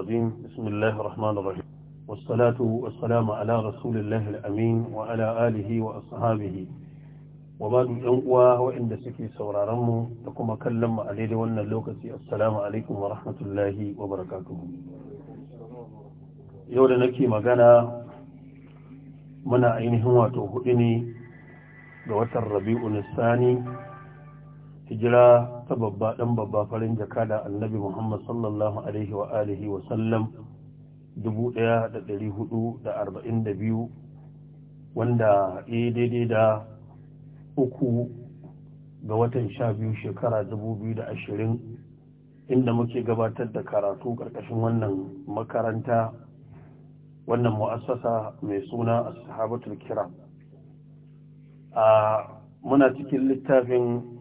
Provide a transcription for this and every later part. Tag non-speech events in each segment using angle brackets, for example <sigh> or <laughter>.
الرجيم بسم الله الرحمن الرحيم والصلاة والسلام على رسول الله الأمين وعلى آله وأصحابه وبعد الأنقوى وإن سكي سورارمو لكم أكلم عليه وأن اللوكسي السلام عليكم ورحمة الله وبركاته يولا نكي مغانا منا عينهم وتوهئني بوتر ربيع الثاني هجرة ta babba dan babba farin jaka da annabi Muhammad sallallahu alaihi wa alihi wa sallam 1442 wanda ya daidai da uku ga watan sha biyu shekara 2020 inda muke gabatar da karatu karkashin wannan makaranta wannan mu'assasa mai suna ashabatul kiram a muna cikin littafin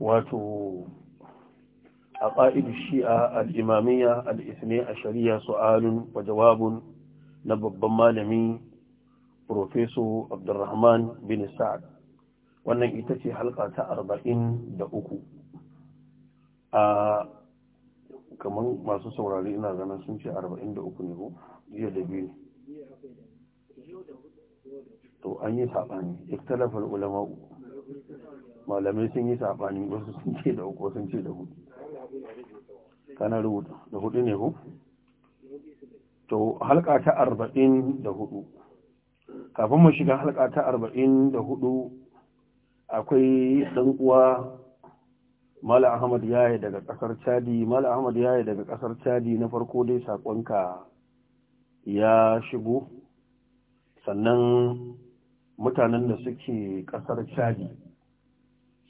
wato a ƙa'idu shi'a al'imamiya al'isne a shari'a su'alun wa jawabun na babban malami profeso abdulrahman bin sa'ad wannan ita ce halka ta arba'in da uku a kamar masu saurari ina ganin sun ce arba'in da uku ne ko jiya da biyu to an yi saɓani iktalafar ulama'u malamai sun yi saɓani wasu sun ce da uku sun ce da hudu kana rubuta da hudu ne ku? to halka ta arba'in da hudu kafin mu shiga halka ta arba'in da hudu akwai ɗan'uwa mala ahmad yi daga ƙasar chadi mala ahmad yi daga ƙasar chadi na farko dai saƙonka ya shigo sannan mutanen da suke ƙasar chadi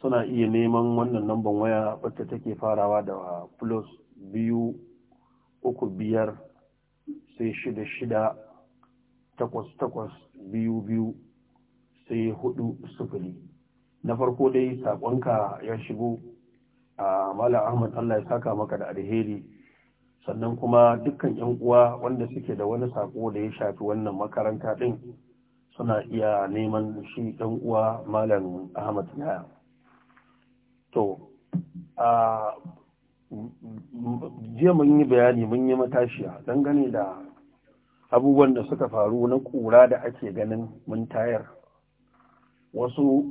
suna iya neman wannan lambar waya wadda take farawa da plus biyu uku biyar sai shida shida takwas takwas biyu biyu sai hudu sufuri na farko dai saƙonka ya shigo a mala ahmad allah ya saka maka da alheri sannan kuma dukkan yan uwa wanda suke da wani saƙo da ya shafi wannan makaranta ɗin suna iya neman shi yan uwa malam ahmad yaya to a jiya mun yi bayani mun yi matashiya dangane da abubuwan da suka faru na kura da ake ganin mun tayar wasu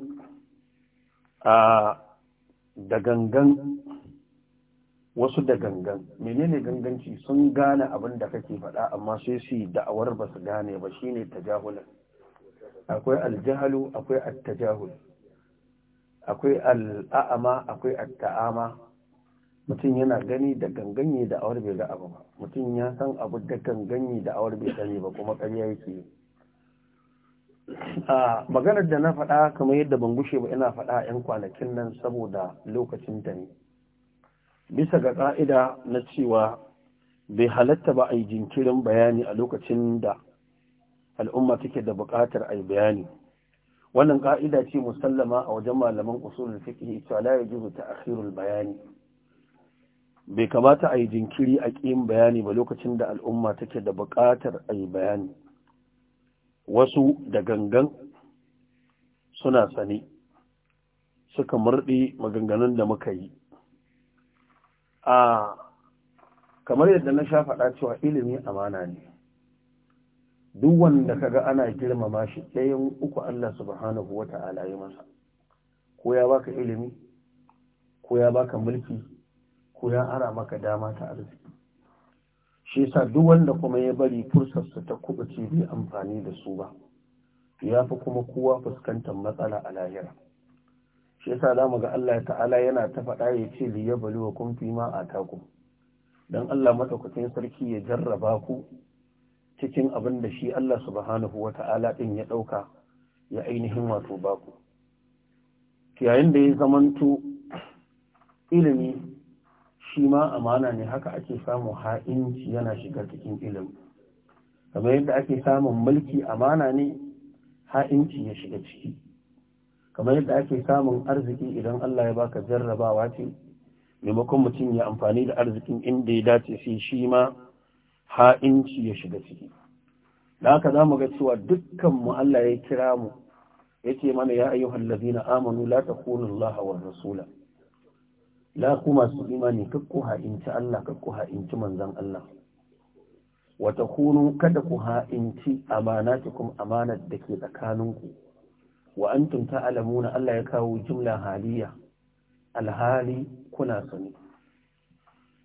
a da gangan wasu da gangan menene ganganci sun gane abin da kake faɗa amma sai su yi da'awar ba su gane ba shine tajahulin akwai aljahalu akwai attajahul akwai al'a'ama akwai atta'ama mutum yana gani da ganganye da awar bai ga ba mutum ya san abu da ganganye da awar bai tsari ba kuma ƙarya yake a maganar da na faɗa kamar yadda ban gushe ba ina faɗa yan kwanakin nan saboda lokacin ta ne bisa ga ƙa'ida na cewa bai halatta ba a yi jinkirin bayani a lokacin da al'umma take da buƙatar a yi bayani wannan ka'ida ce musallama a wajen malaman usulul fiqh cewa la yajuzu ta'khirul bayani bai kamata a yi jinkiri a ƙin bayani ba lokacin da al'umma take da buƙatar a yi bayani wasu da gangan suna sani suka murɗe maganganun da muka yi a ah, kamar yadda na sha faɗa cewa ilimi amana ne duk wanda kaga ana girmama shi ɗayan uku Allah subhanahu wa ta'ala ya masa ko ya baka ilimi ko ya baka mulki ko ya ara maka dama ta arziki shi yasa duk wanda kuma ya bari fursarsa ta kubuce bai amfani da su ba ya fi kuma kowa fuskantar matsala a lahira shi yasa zamu ga Allah ta'ala yana ta faɗa ya ce kun fi ma a taku. dan Allah madaukakin sarki ya jarraba ku cikin abin da shi Allah subhanahu wa ta'ala ɗin ya ɗauka ya ainihin wato baku. Yayin da ya zamantu ilimi shi ma amana ne haka ake samun ha'inci yana shiga cikin ilimi. Kamar yadda ake samun mulki amana ne ha'inci ya shiga ciki. Kamar yadda ake samun arziki idan Allah ya baka jarrabawa ce, maimakon mutum ya amfani da arzikin inda ya dace sai shi ma ha'inci ya shiga ciki da haka za mu ga cewa dukkan mu Allah ya kira mu ce mana ya ayyuhal ladina amanu la takunu Allah wa rasula la kuma su imani kakku ha'inci Allah kakku ha'inci manzon Allah wa takunu kada ku ha'inci amanatikum amanar da ke tsakaninku wa antum ta'lamuna Allah ya kawo jumla haliya alhali kuna sani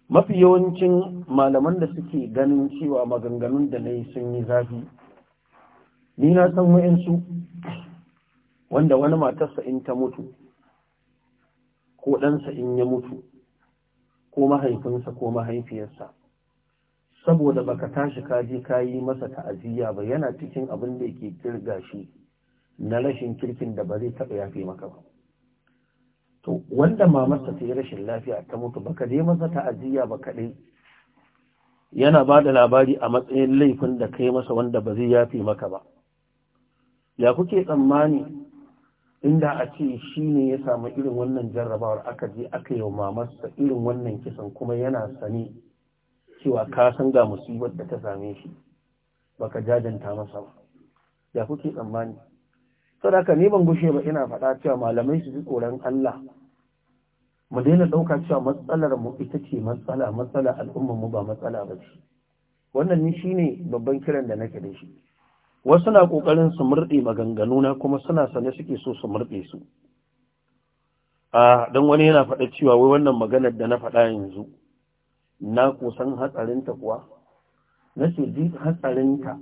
mafi yawancin malaman da suke ganin cewa maganganun da na yi sun yi zafi ni na san wa'insu wanda wani matarsa in ta mutu ko ɗansa in ya mutu ko mahaifinsa ko mahaifiyarsa saboda baka tashi kaji ka yi masa ta'aziyya ba yana cikin abin da yake kirga shi na rashin kirkin da ba zai taɓa yafe maka ba to wanda mamarsa ta yi rashin lafiya ta mutu baka je masa ta'aziyya ba kaɗai yana ba da labari a matsayin laifin da kai masa wanda ba zai yafe maka ba ya kuke tsammani inda a ce shi ne ya samu irin wannan jarrabawar aka je aka yi wa mamarsa irin wannan kisan kuma yana sani cewa ka san ga musibar da ta same shi baka jajanta masa ba ya kuke tsammani saboda haka ni ban gushe ba ina faɗa cewa malamai su ji tsoron Allah mu daina ɗauka cewa matsalar mu ita ce matsala matsala al'ummar mu ba matsala ba ce wannan ni shine babban kiran da nake da shi wasu na kokarin su murɗe maganganu na kuma suna sane suke so su murɗe su a dan wani yana faɗa cewa wai wannan maganar da na faɗa yanzu na kusan hatsarinta kuwa na ce hatsarinta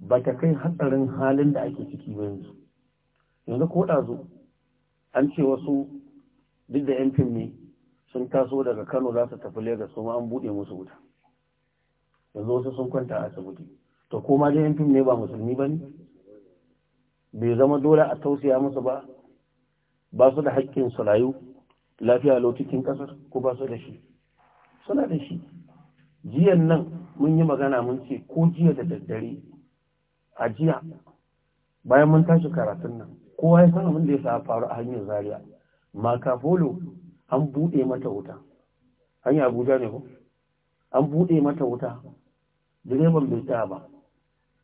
ba ta kai hatsarin halin da ake ciki ba yanzu yanzu ko ɗazu an ce wasu duk da yan fim ne sun taso daga kano za su tafi Legas, kuma an buɗe musu wuta yanzu wasu sun kwanta a asibiti to ko ma dai yan fim ne ba musulmi ba bai zama dole a tausaya musu ba ba su da haƙƙin su rayu lafiya lokacin ƙasar ko ba su da shi suna da shi jiyan nan mun yi magana mun ce ko jiya da daddare a jiya bayan mun tashi karatun nan kowa ya san abin da ya sa faru a hanyar zaria makafolo an buɗe mata wuta hanya abuja ne ko an buɗe mata wuta direban bai tsaya ba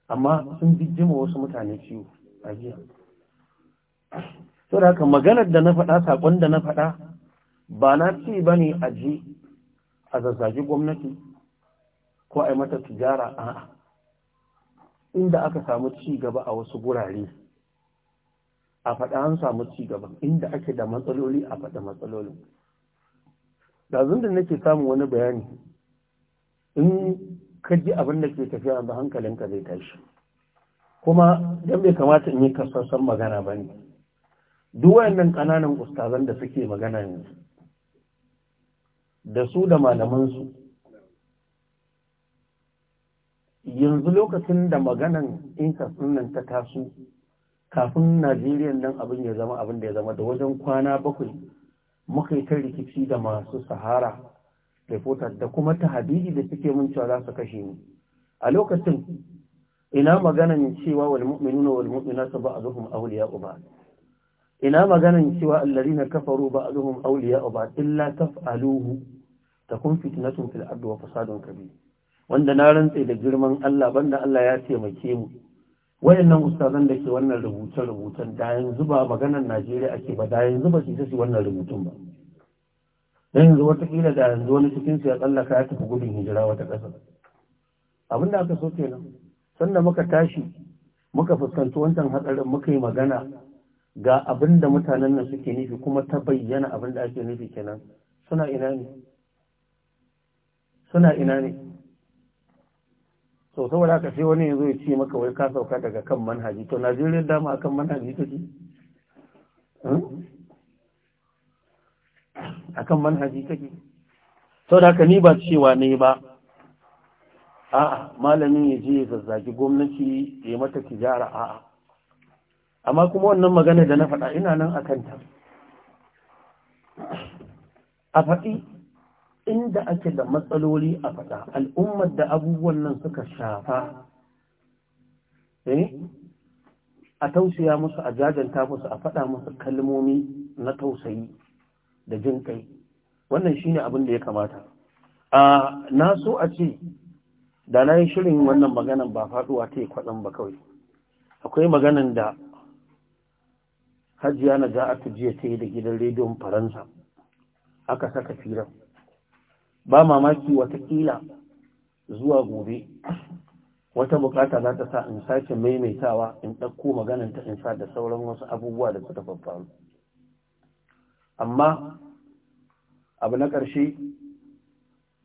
amma sun jijjima wasu mutane ciwo a jiya saboda haka maganar da na faɗa saƙon da na faɗa ba na ci ba ne a ji a zazzagi gwamnati ko a mata tijara a'a inda aka samu ci gaba a wasu gurare a faɗa an samu gaba, inda ake da matsaloli a faɗa matsalolin ɗazun da nake samun wani bayani in ka ji abin da ke tafiya hankalin hankalinka zai tashi kuma don bai kamata in yi kasassan magana ba ne duk wayannan ƙananan ustazan da suke magana ne. da su da malamansu yanzu lokacin da maganan in nan ta taso kafin Najeriya nan abin ya zama abin da ya zama da wajen kwana bakwai muka yi ta rikici da masu sahara reporter da kuma ta Habibi da suke mun cewa za su kashe mu a lokacin ina maganan cewa wal mu'minuna wal mu'minatu ba'dhum awliya uba ina maganan cewa allazina kafaru ba'dhum awliya uba illa taf'aluhu takun fitnatun fil ardi wa fasadun kabir wanda na rantse da girman Allah banda Allah ya taimake mu wayannan ustazan da ke wannan rubuce-rubucen da yanzu ba maganar Najeriya ake ba da yanzu ba su su wannan rubutun ba dan yanzu watakila da yanzu wani cikin su ya tsallaka ya tafi gudun hijira wata ƙasa abin da aka so kenan sannan muka tashi muka fuskanci wancan hatsarin muka yi magana ga abin da mutanen nan suke nufi kuma ta bayyana abin da ake nufi kenan suna ina ne suna ina ne so saboda haka sai wani yanzu ya ce maka wai ka sauka daga kan manhaji to najeriya dama akan manhaji hmm? a akan manhaji take saboda haka ni ba cewa ne ba a'a malamin ya je ya zazzagi gwamnati ya mata tijara a'a amma kuma wannan magana da na faɗa ina nan a kanta. a faɗi inda ake da matsaloli a faɗa al'ummar da abubuwan nan suka shafa eh a tausaya musu a jajanta musu a faɗa musu kalmomi na tausayi da jin kai wannan shine abin da ya kamata a na so a ce da na yi shirin wannan maganan ba faɗuwa ta yi kwaɗan ba kawai akwai maganan da hajiya na ta jiya ta yi da gidan rediyon faransa aka saka firan ba mamaki watakila zuwa gobe wata bukata za ta sa in sake maimaitawa in ɗauko maganar ta in sa da sauran wasu abubuwa da suka faru amma abu na ƙarshe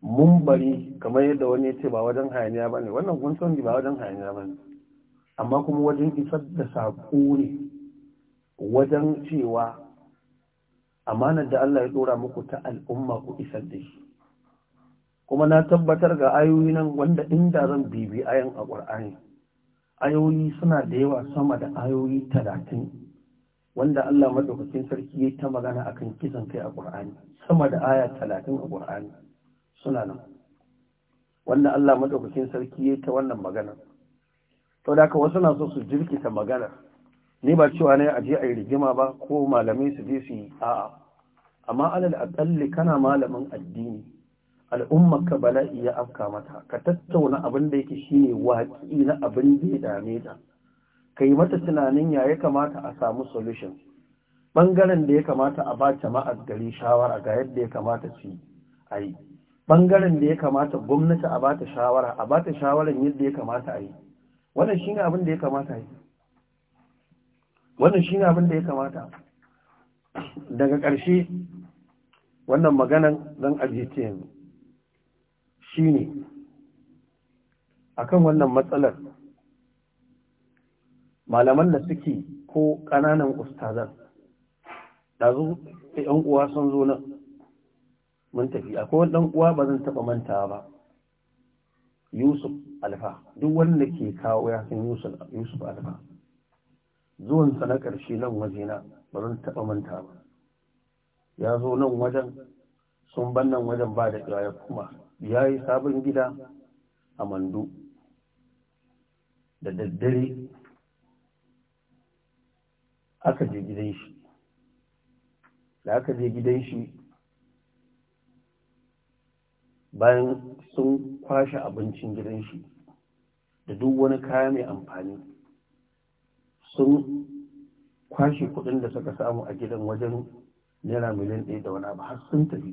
mun bari kamar yadda wani ya ce ba wajen hayaniya ba ne wannan gunson ba wajen hayaniya ba ne amma kuma wajen isar da saƙo ne wajen cewa amanar da Allah ya ɗora muku ta al'umma ku isar da shi kuma na tabbatar ga ayoyi nan wanda inda zan bibi ayan a ƙwar'ani ayoyi suna da yawa sama da ayoyi talatin wanda Allah maɗaukakin sarki ya ta magana akan kisan kai a ƙwar'ani sama da aya talatin a ƙwar'ani suna nan wanda Allah maɗaukakin sarki ya ta wannan magana to da wasu na so su jirkita magana ni ba cewa na yi je a yi rigima ba ko malamai su je su yi a'a amma alal aƙalli kana malamin addini al'ummar ka bala'i ya afka mata ka tattauna abin da yake ne waƙi na abin da ya dame ta ka yi mata tunanin ya ya kamata a samu solution ɓangaren da ya kamata a ba jama'ar gari shawara ga yadda ya kamata su a yi ɓangaren da ya kamata gwamnati a ba ta shawara a ba ta shawarar yadda ya kamata a yi wannan shi ne abin da ya kamata yi wannan shi ne abin da ya kamata daga ƙarshe wannan maganan zan ajiye yanzu shine akan wannan matsalar malaman da suke ko ƙananan ustazan ɗazu ‘yan uwa sun zo nan mun tafi akwai ɗan uwa ba zan taɓa mantawa ba yusuf alfa duk wanda ke kawo ya san yusuf alfa zuwansa na ƙarshe nan waje na ba zan taɓa manta ba ya zo nan wajen sun ban nan wajen ba da kuma ya yi sabon gida a mandu da daddare aka je gidan shi da aka je gidan shi bayan sun kwashe abincin gidan shi da duk wani kaya mai amfani sun kwashe kudin da suka samu a gidan wajen naira miliyan ɗaya da wani abu har sun tafi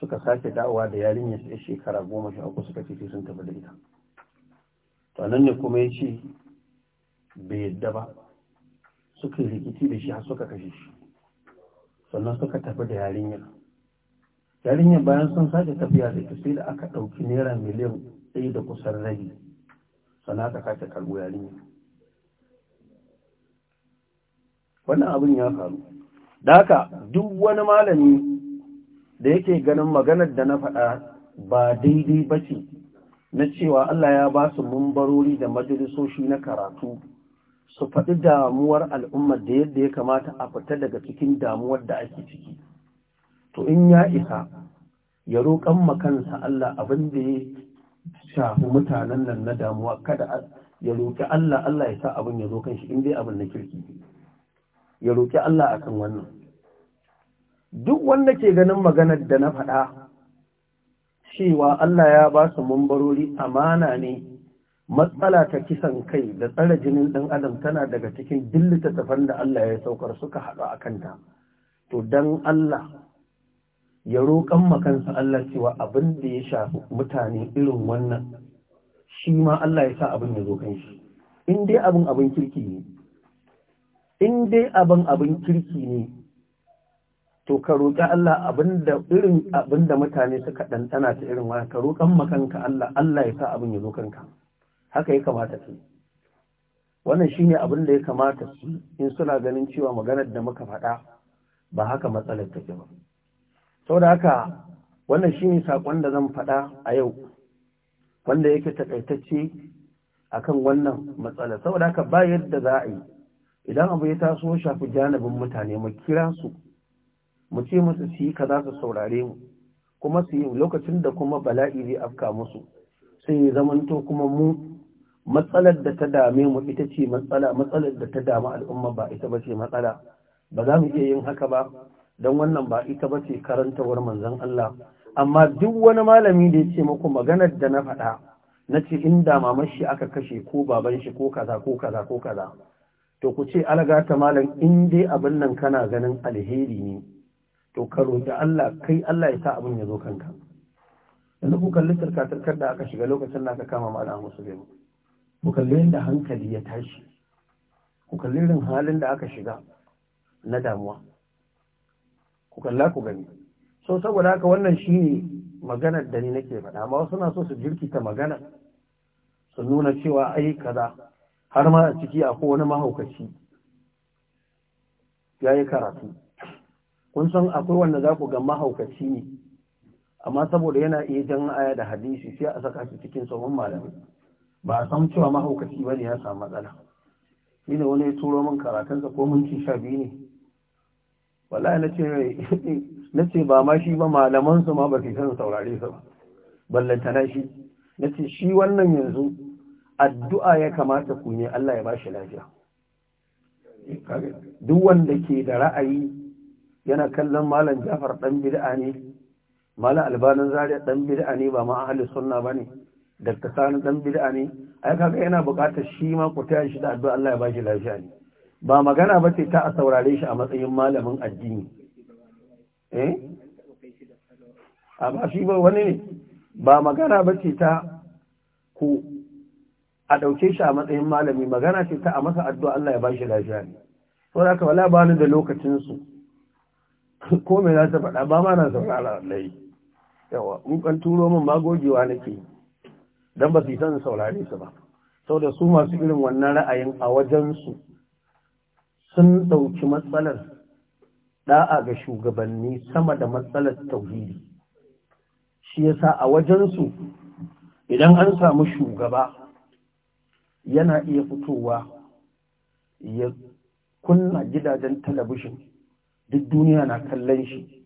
suka sake dawowa da yarinya sai shekara goma sha uku suka ce sun tafi da ita to nan ne kuma ya ce bai yadda ba suka yi rikici da shi har suka kashe shi sannan suka tafi da yarinya. yarinyar bayan sun sake tafiya da ita sai da aka ɗauki naira miliyan ɗaya da kusan rabi sannan aka sake karɓo yarinyar wannan abin ya faru da haka duk wani malami da yake ganin maganar da na faɗa ba daidai ba ce na cewa Allah ya ba su mumbarori da majalisoshi na karatu su faɗi damuwar al'ummar da yadda ya kamata a fita daga cikin damuwar da ake ciki. To in ya isa, ya roƙon makansa Allah abin da ya shafi mutanen nan na damuwa kada ya roƙi Allah Allah ya sa abin ya zo kan shi in dai abin na kirki. Ya roƙi Allah akan wannan. duk wanda ke ganin maganar da na faɗa cewa Allah ya ba su mumbarori amana ne matsala ta kisan kai da tsara jinin ɗan adam tana daga cikin dillita tafan da Allah ya saukar suka haɗu a kanta to don Allah ya roƙan makansa Allah cewa abin da ya shafi mutane irin wannan shi ma Allah ya sa abin ya zo kanshi. in dai abin abin kirki ne in dai abin abin kirki ne to ka roƙi Allah abinda irin abinda mutane suka ɗanɗana ta irin wani ka roƙan makanka Allah Allah ya sa abin ya zo kanka haka ya kamata su wannan shine abin da ya kamata su in suna ganin cewa maganar da muka faɗa ba haka matsalar take ba saboda haka wannan shine sakon da zan faɗa a yau wanda yake takaitacce akan wannan matsala saboda haka ba yadda za a yi idan abu ya taso shafi janibin mutane mu kira su mu ce musu su yi za su saurare mu kuma su yi lokacin da kuma bala'i zai afka musu sai ya zamanto kuma mu matsalar da ta dame mu ita ce matsala matsalar da ta dama al'umma ba ita ba ce matsala ba za mu iya yin haka ba don wannan ba ita ba ce karantawar manzan Allah amma duk wani malami da ya ce muku maganar da na faɗa na ce inda maman shi aka kashe ko baban shi ko kaza ko kaza ko kaza to ku ce alagata malam in dai abin nan kana ganin alheri ne to ka roƙi Allah kai Allah ya sa abin ya zo kanka yanzu ku kalli tarkatarkar da aka shiga lokacin da aka kama malam musulmi ku kalli yadda hankali ya tashi ku kalli irin halin da aka shiga na damuwa ku kalla ku gani so saboda haka wannan shine maganar da ni nake faɗa amma wasu na so su jirkita magana su nuna cewa ai kaza har ma a ciki akwai wani mahaukaci ya yi karatu kun san akwai wanda za ku ga mahaukaci ne amma saboda yana iya jan aya da hadisi sai a saka shi cikin tsohon malamai ba a san cewa mahaukaci ba ne ya samu matsala shi ne wani ya turo min karatunsa ko minti sha biyu ne wallahi na ce ba ma shi ba malamansu ma ba su san saurare su ba ballanta na shi na ce shi wannan yanzu addu'a ya kamata ku ne Allah ya ba shi lafiya duk wanda ke da ra'ayi yana kallon malam jafar dan bid'a ne malam albanin zaria dan bid'a ne ba ma ahli sunna bane dakta sani dan bid'a ne ai kaga yana buƙatar shi ma ku taya shi da addu'a Allah ya bashi lafiya ne ba magana ba ce ta a saurare shi a matsayin malamin addini eh a ba shi ba wani ne ba magana ba ce ta ku a ɗauke shi a matsayin malami magana ce ta a masa addu'a Allah ya bashi lafiya ne saboda haka wala ba ni da lokacin su <laughs> ko me za ta faɗa ba ma na saurara wallahi yawa in kan turo min magogewa nake dan ba su san saurare su ba saboda su masu irin wannan ra'ayin a wajen su sun dauki matsalar da'a ga shugabanni sama da matsalar tauhidi shi yasa a wajen su idan an samu shugaba yana iya fitowa ya kunna gidajen talabishin duk duniya na kallon shi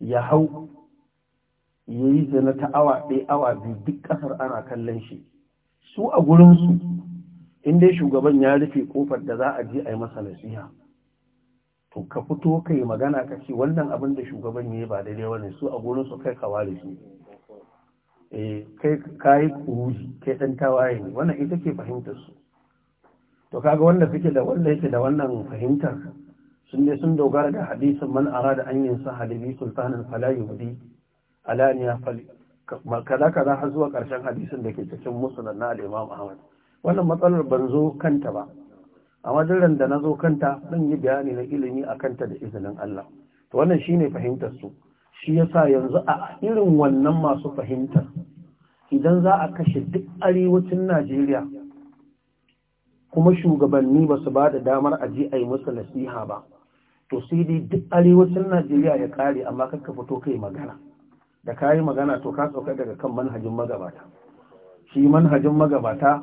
ya hau ya yi zana ta awa ɗaya awa biyu duk ƙasar ana kallon shi su a gurinsu inda shugaban ya rufe ƙofar da za a je a yi masa nasiha to ka fito ka yi magana ka ce wannan abin da shugaban ya yi ba daidai wani su a gurinsu kai ka ware su eh, kai ka yi kuruji kai ɗan tawaye ne wannan ita ke fahimtar su to kaga wanda suke da wanda yake da wannan fahimtar sun ne sun dogara da hadisin man arada an yin sahali bi sultanin fala yudi alaniya fali kaza kaza har zuwa karshen hadisin da ke cikin musulun na al-imam ahmad wannan matsalar ban zo kanta ba amma duk da na zo kanta zan yi bayani na ilimi a kanta da izinin Allah to wannan shine fahimtar su shi yasa yanzu a irin wannan masu fahimtar idan za a kashe duk arewacin Najeriya kuma shugabanni ba su ba da damar aji a yi musu nasiha ba to sai dai duk arewacin najeriya ya kare amma ka fito kai magana da kayi magana to ka sauka daga kan manhajin magabata shi manhajin magabata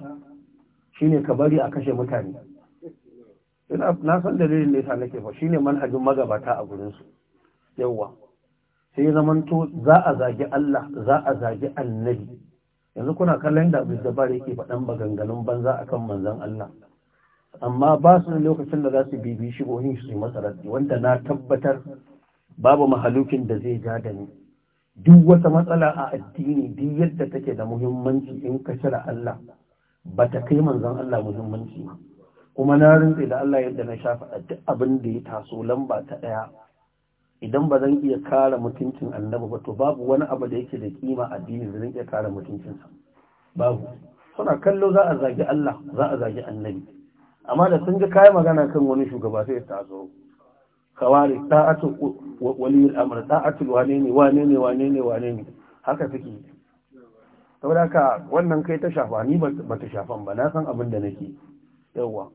shine ka bari a kashe mutane na san dalilin da yasa nake fa shine manhajin magabata a gurin su yawa sai zamanto za a zagi Allah za a zagi annabi yanzu kuna kallon da Abdul yake faɗan maganganun banza akan manzon Allah amma ba su da lokacin da za su bibi shi gohin su masa rasi wanda na tabbatar babu mahalukin da zai ja da ni duk wata matsala a addini duk yadda take da muhimmanci in ka shara Allah ba ta kai manzon Allah muhimmanci ba kuma na rintse da Allah yadda na shafa a duk abin da ya taso lamba ta ɗaya idan ba zan iya kare mutuncin annabi ba to babu wani abu da yake da kima addini da zan iya kare mutuncinsa babu suna kallo za a zagi Allah za a zagi annabi amma da sun ga kayan magana kan wani shugaba sai ta zo kawari ta'atu wali al'amr wane ne wane ne wane ne wane ne haka take saboda ka wannan kai ta shafa ni ba ta shafan ba na san abin da nake yawa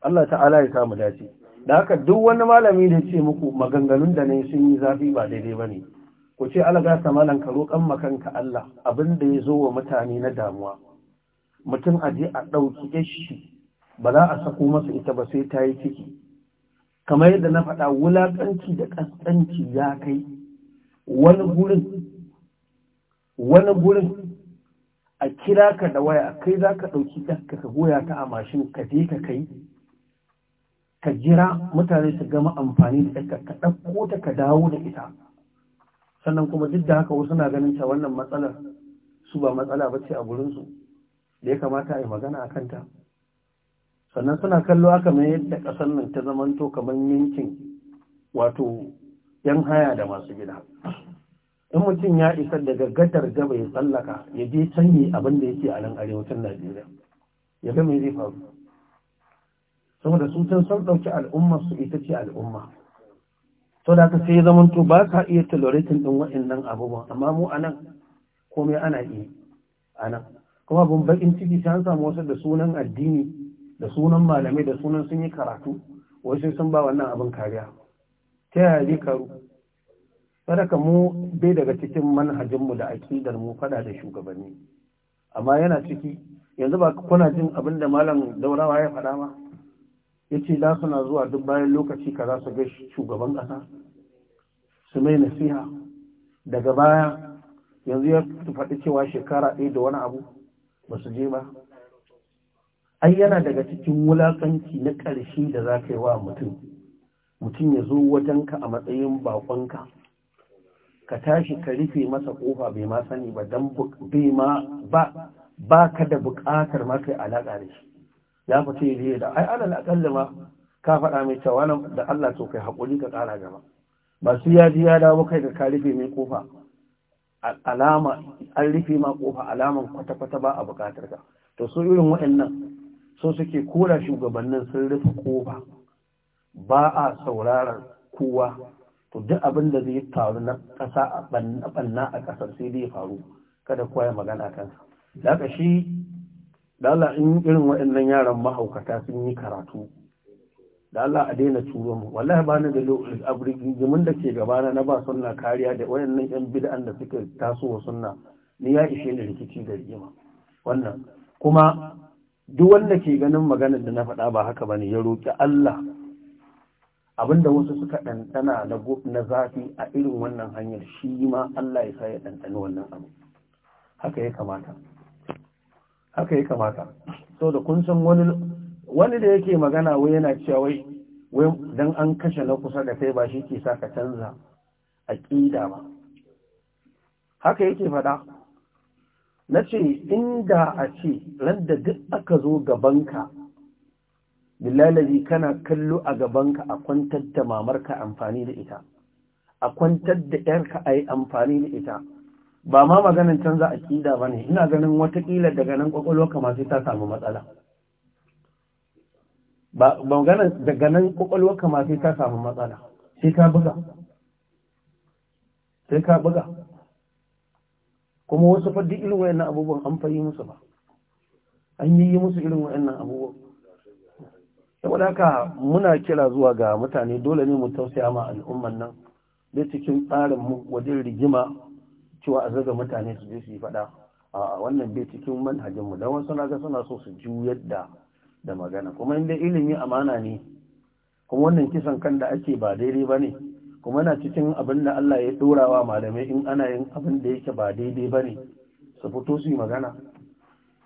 Allah ta'ala ya samu dace da haka duk wani malami da ce muku maganganun da ne sun yi zafi ba daidai ba ne ku ce sa malan ka roƙan makanka Allah abin da ya zo wa mutane na damuwa mutum a ji a ɗauki shi ba za a sako masa ita ba sai ta yi ciki kamar yadda na faɗa wulaƙanci da ƙasƙanci ya kai wani gurin wani gurin a kira ka da waya kai za ka ɗauki ɗanka ka goya ta a mashin ka je ka kai ka jira mutane su gama amfani da ɗanka ka ɗauko ta ka dawo da ita sannan kuma duk da haka wasu na ganin ta wannan matsalar su ba matsala ba ce a gurinsu da ya kamata a yi magana a kanta. sannan suna kallo aka mai yadda ƙasar nan ta zamanto kamar yankin wato yan haya da masu gida in mutum ya isa daga gadar gaba ya tsallaka ya je canyi abin da yake a nan arewacin najeriya ya ga mai zai faru saboda su can sun al'umma su ita ce al'umma to da ka sai zamanto ba ka iya tolerating ɗin waɗannan abubuwan amma mu a nan komai ana iya a nan kuma abin bakin ciki ta samu wasu da sunan addini da sunan malamai da sunan sun yi karatu wasu sun ba wannan abin kariya ta yaya zai karu sadaka mu bai daga cikin manhajinmu da aƙidar mu fada da shugabanni amma yana ciki yanzu ba kuna jin abin da malam daurawa ya faɗa ba ya ce za suna zuwa duk bayan lokaci ka za su ga shugaban ƙasa su mai nasiha daga baya yanzu ya faɗi cewa shekara ɗaya da wani abu ba su je ba ai yana daga cikin wulakanci na ƙarshe da za ka yi wa mutum mutum ya zo wajenka a matsayin baƙonka. ka tashi ka rufe masa ƙofa bai ma sani ba don ma ba ka da buƙatar ma kai alaƙa da shi ya fito ya da ai alal aƙalla ma ka faɗa mai cewa da Allah to kai haƙuri ka ƙara gaba ba su ya ji ya dawo kai da ka rufe mai ƙofa alama an rufe ma ƙofa alaman kwata-kwata ba a buƙatar ka to su irin waɗannan so suke kora shugabannin sun rufe kofa ba a sauraron kowa to duk abin da zai faru na kasa a ɓanna a ƙasar sai dai faru kada kowa ya magana kansa daga shi da Allah in irin waɗannan yaran mahaukata sun yi karatu da Allah a daina turo mu wallahi ba ni da abirgimin da ke gabana na ba sunna kariya da waɗannan yan bid'an da suke tasowa sunna ni ya ishe ni rikici da rigima wannan kuma duk wanda ke ganin maganar da na faɗa ba haka bane ya roƙi Allah abinda wasu suka ɗanɗana na zafi a irin wannan hanyar shi ma Allah ya sa ya ɗanɗani wannan abu haka ya kamata haka ya kamata so da kun san wani wani da yake magana wai yana cewa wai wai dan an kashe na kusa da kai ba shi ke sa ka canza aqida ba haka yake faɗa na ce inda a ce randa duk aka zo gabanka lalazi kana kallo a gabanka a kwantar da mamarka amfani da ita a kwantar da yarka a yi amfani da ita ba ma maganin canza ƙida ba ne ina ganin watakila daga nan ƙwaƙwalwarka ma sai ta samu matsala ba maganin daga nan ƙwaƙwalwarka ma sai ta samu matsala sai ka buga sai ka buga kuma wasu fa duk irin wayannan abubuwan an fayi musu ba an yi musu irin wayannan abubuwan saboda haka muna kira zuwa ga mutane dole ne mu tausaya ma al'umman nan da cikin tsarin mu wajen rigima cewa a zaga mutane su je su yi fada a wannan bai cikin manhajin mu dan wasu na ga suna so su juyar da da magana kuma inda ilimi amana ne kuma wannan kisan kan da ake ba daidai ba ne kuma na cikin abin da Allah ya dora wa malamai in ana yin abin da yake ba daidai ba ne su fito su yi magana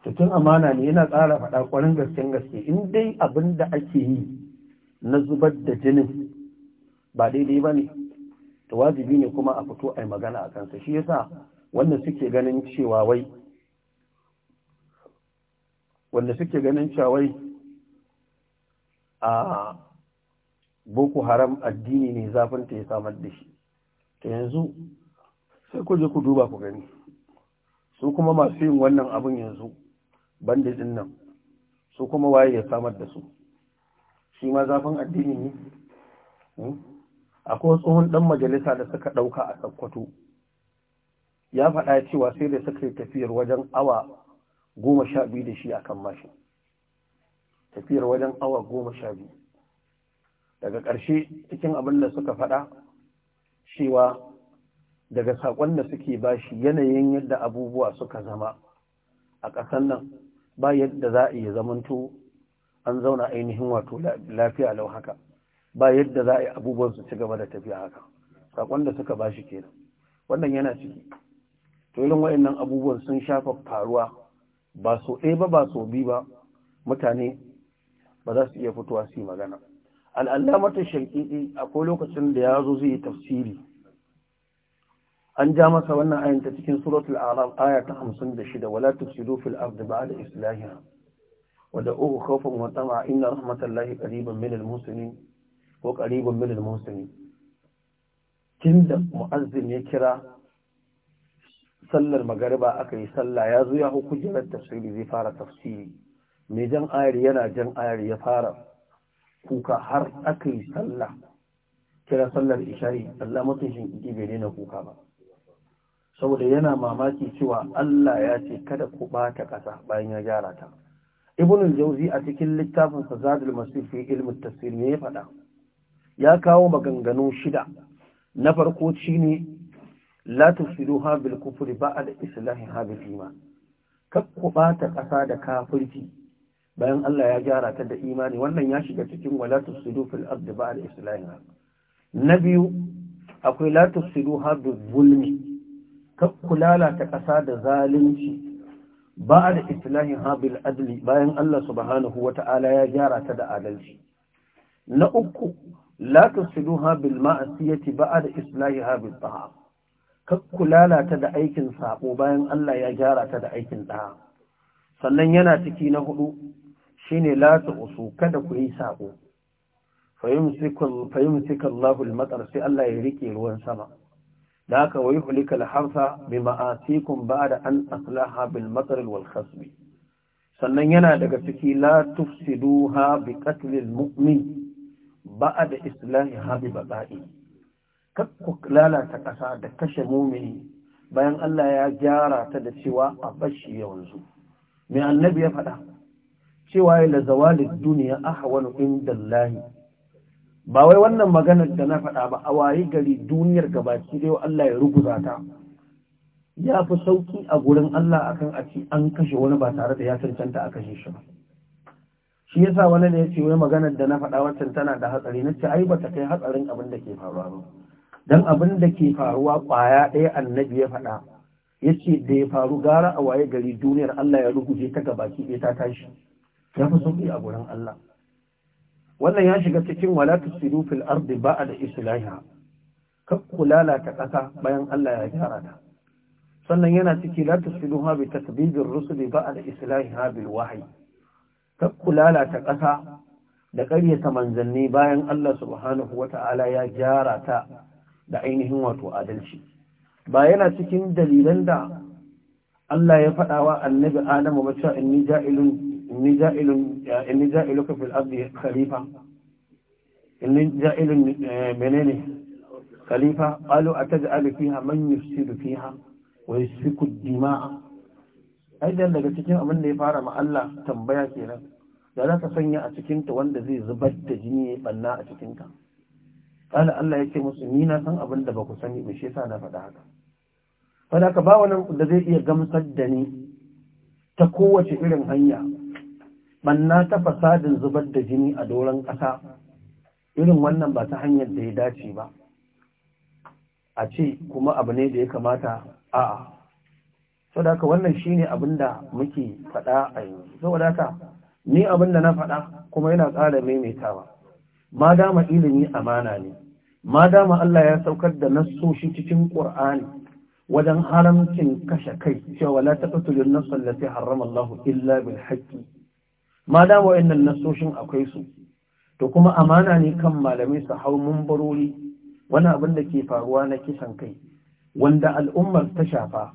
cikin amana ne yana tsara faɗa ƙwarin gaske gaske in dai abin da ake yi na zubar da jinin ba daidai ba ne to wajibi ne kuma a fito a yi magana a kansa shi yasa wanda suke ganin cewa wai wanda suke ganin cewa wai a boko haram addini ne zafin ta ya samar da shi ta yanzu sai ku je ku duba ku gani su kuma masu yin wannan abin yanzu banda din nan su kuma waye ya samar da su shi ma zafin addini ne hmm? akwai tsohon dan majalisa da suka dauka a sakkwato ya faɗa cewa sai da suka yi tafiyar wajen awa goma sha biyu da shi akan mashin tafiyar wajen awa goma sha biyu daga ƙarshe cikin abin da suka faɗa cewa daga saƙon da suke bashi yanayin yadda abubuwa suka zama a ƙasan nan ba yadda za a iya zamanto an zauna ainihin wato lafiya lau haka ba yadda za a yi abubuwan su ci gaba da tafiya haka saƙon da suka bashi kenan wannan yana ciki to irin waɗannan abubuwan sun shafa faruwa ba so ɗaya ba ba so biyu ba mutane ba za su iya fitowa su yi magana al'allamatu shankidi akwai lokacin da ya zo zai tafsiri an ja masa wannan ayyanta ta cikin suratul araf aya ta 56 wala tufsidu fil ardi ba'da islahiha wa uku khawfan wa tama'a inna rahmatallahi qariban min al-muslimin ko qariban min al-muslimin tunda mu'azzin ya kira sallar magariba aka yi sallah ya zo ya hukujirar tafsiri zai fara tafsiri mai jan ayar yana jan ayar ya fara kuka har aka yi sallah kira sallar isha'i Allah mutuncin iki bai daina kuka ba saboda yana mamaki cewa Allah ya ce kada ku bata ƙasa bayan ya gyara ta ibn jauzi a cikin littafin sa zadul masif fi ilmi tafsir ne ya faɗa ya kawo maganganu shida na farko shine la tusiduha bil kufri ba'da islahiha bil iman kakku bata ƙasa da kafirci bayan Allah ya gyara ta da imani wannan ya shiga cikin wala tusidu fil ardi ba'da islahiha na biyu akwai la tusidu hadu zulmi kakkulala ta ƙasa da zalunci ba da islahin adli bayan Allah subhanahu wa ta'ala ya gyara ta da adalci. Na uku, la tusidu habil ma'asiyati ba da islahi habil Ka kakku lalata da aikin sabo bayan Allah ya gyara ta da aikin ɗaya. Sannan yana ciki na hudu, shine la usu kada ku yi sako fayimsika Allahu al-matar sai Allah ya rike ruwan sama da haka wai hulika al-harsa bi atikum ba'da an aslaha bil matar wal sannan yana daga ciki la tufsiduha bi qatl al-mu'min ba'da islahiha bi bada'i ku lalata kasa da kashe mumini bayan Allah ya gyara ta da cewa a bashi yanzu me annabi ya faɗa cewa ya la zawalid duniya ahwanu lahi. ba wai wannan maganar da na faɗa ba a waye gari duniyar gabaki dai Allah ya ruguza ta ya fi sauki a gurin Allah akan a ce an kashe wani ba tare da ya cancanta a kashe shi ba shi yasa wani da ya ce wai maganar da na faɗa wancan tana da hatsari na ce ai ba ta kai hatsarin abin da ke faruwa ba dan abin da ke faruwa ƙwaya ɗaya annabi ya faɗa ya ce da ya faru gara a waye gari duniyar Allah ya ruguje ta gabaki ɗaya ta tashi ya fi sauƙi a gurin Allah wannan ya shiga cikin walatu tusidu fil ardi ba'da Kan kakku lalata ƙasa bayan Allah ya gyara ta sannan yana ciki la ha bi tasbibir rusuli da islahiha bil Kan kakku lalata ƙasa da ƙaryata manzanni bayan Allah subhanahu wa ta'ala ya gyara ta da ainihin wato adalci ba yana cikin dalilan da Allah ya faɗawa annabi Adamu ba cewa inni ja'ilun inni ja'ilun inni ja'iluka fil ardi khalifa inni ja'ilun menene khalifa qalu ataj'alu fiha man yufsidu fiha wa yasfiku dima'a aidan daga cikin abin da ya fara ma Allah tambaya kenan da za ka sanya a cikinta wanda zai zubar da jini ya banna a cikinta kala Allah yake musu ni na san abin da ba ku sani ba shi yasa na faɗa haka fada ka ba wani da zai iya gamsar da ni ta kowace irin hanya banna ta fasadin zubar da jini a doron ƙasa irin wannan ba ta hanyar da ya dace ba a ce kuma abu ne da ya kamata a'a saboda haka wannan shine abin da muke faɗa a yanzu saboda ka, ni abin da na faɗa kuma yana ƙara maimaitawa ma dama ilimi amana ne ma dama Allah ya saukar da nassoshi cikin Ƙur'ani wajen haramcin kashe kai cewa la taqtulun nafsan allati harrama haramallahu illa bil ma da wa'annan nasoshin akwai su to kuma amana ne kan malamai su hau mumbarori wani abin da ke faruwa na kisan kai wanda al'ummar ta shafa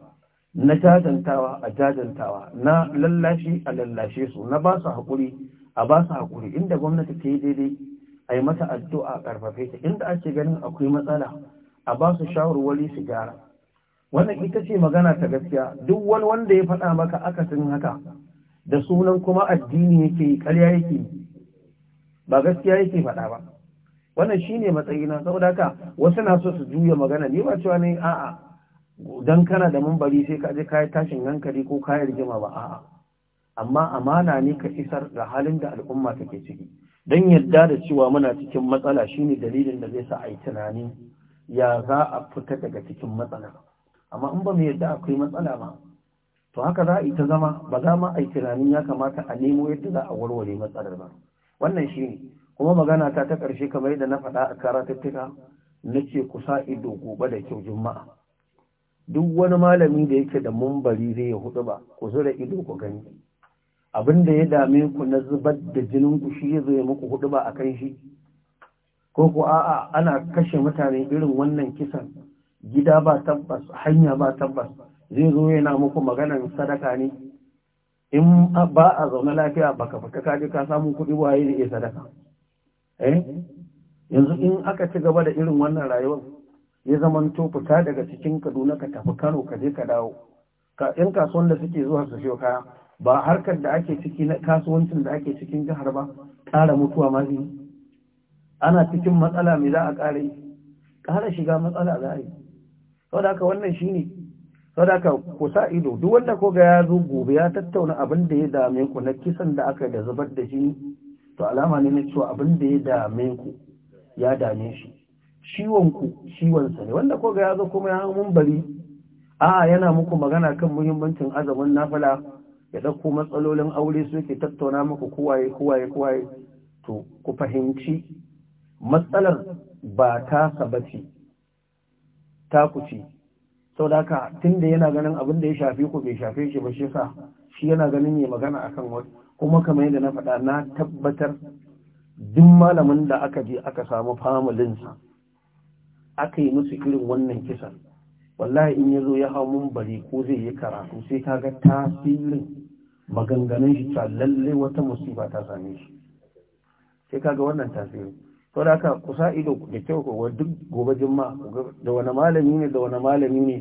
na jajantawa a jajantawa na lallashi a lallashe su na ba su haƙuri a ba su haƙuri inda gwamnati ta yi daidai a yi mata addu'a a ƙarfafe ta inda ake ganin akwai matsala a ba su shawarwari su gyara wannan ita ce magana ta gaskiya duk wani wanda ya faɗa maka akasin haka da sunan kuma addini yake ƙarya yake ba gaskiya yake faɗa ba wannan shine matsayi na saboda haka wasu na so su juya magana ni ba cewa ne a'a dan kana da mambari sai ka je kayi tashin hankali ko kayan rigima ba a'a amma amana ne ka isar da halin da al'umma take ciki dan yadda da cewa muna cikin matsala shine dalilin da zai sa a yi tunani ya za a fita daga cikin matsala amma in ba mu yadda akwai matsala ba to haka za a yi ta zama ba za ma a yi tunanin ya kamata a nemo yadda za a warware matsalar ba wannan shi ne kuma magana ta ta ƙarshe kamar yadda na faɗa a tattaka na ce ku sa ido gobe da kyau juma'a duk wani malami da yake da mumbari zai ya hudu ba ku zura ido ku gani abin da ya dame ku na zubar da jinin ku shi ya zo zai muku huɗu ba a kan shi ko ku a'a ana kashe mutane irin wannan kisan gida ba tabbas hanya ba tabbas zai zo yana muku maganan sadaka ne in ba a zaune lafiya ka fita kaji ka samu kuɗi waye yi iya sadaka eh yanzu in aka ci gaba da irin wannan rayuwar ya zama to fita daga cikin Kaduna ka tafi Kano ka je ka dawo ka in kasuwan da suke zuwa su siyo kaya ba harkar da ake ciki na kasuwancin da ake cikin jihar ba ƙara mutuwa ma zai ana cikin matsala mai za a ƙara yi ƙara shiga matsala za a yi saboda haka wannan shine sadaka ku sa ido duk wanda ko ga ya zo gobe ya tattauna abin da ya dame ku na kisan da aka da zubar da jini to alama ne na cewa abin da ya dame ku ya dame shi ciwon ku ciwon sa ne wanda ko ga ya zo kuma ya mun bari a yana muku magana kan muhimmancin azumin nafila ya dauko matsalolin aure su yake tattauna muku kuwaye-kuwaye, kuwaye to ku fahimci matsalar ba ta sabaci ta kuce sau da tun da yana ganin abin da ya shafe ko bai shafe shi ba shi sa shi yana ganin ya magana a kan wasu kuma kamar yadda na faɗa na tabbatar duk malamin da aka je aka samu famulinsa aka yi musu irin wannan kisan wallahi in ya zo ya hau mun bari ko zai yi karatu sai ka ga tasirin maganganun shi ta lallai wata musifa ta same shi sai ka ga wannan tasirin saboda da ku sa ido da kyau kowa duk gobe jimma da wani malami ne da wani malami ne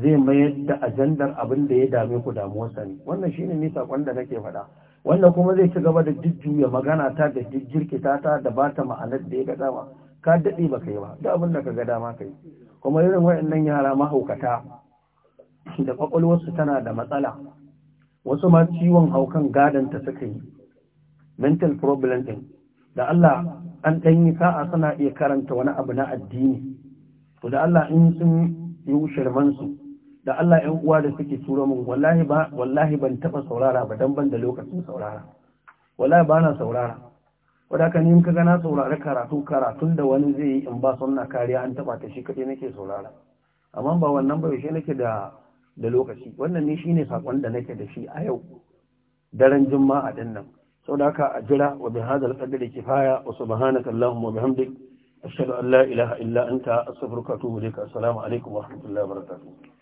zai mayar da ajandar abin da ya dame ku damuwarsa ne wannan shine ne sakon da nake faɗa wanda kuma zai ci gaba da jujjuya magana ta da jirkita ta da ba ta ma'anar da ya ga dama ka daɗe ba kai ba duk abin da ka ga dama kai kuma irin waɗannan yara mahaukata da su tana da matsala wasu ma ciwon haukan gadon ta suka yi mental problem din da Allah an ɗan yi sa'a suna iya karanta wani abu na addini to da Allah in sun yi shirman su da Allah ɗan uwa da suke turo min wallahi ba wallahi ban taɓa saurara ba dan ban da lokacin saurara wallahi ba na saurara wanda ni in ka na saurari karatu karatun da wani zai yi in ba sunna kariya an taɓa ta shi kaɗai nake saurara amma ba wannan ba yaushe nake da da lokaci wannan ne shine sakon da nake da shi a yau daren juma'a din nan sau da a jira wa bi hadal qadri kifaya wa subhanaka allahumma wa bihamdik ashhadu an la ilaha illa anta astaghfiruka wa atubu ilaik assalamu alaikum wa rahmatullahi wa barakatuh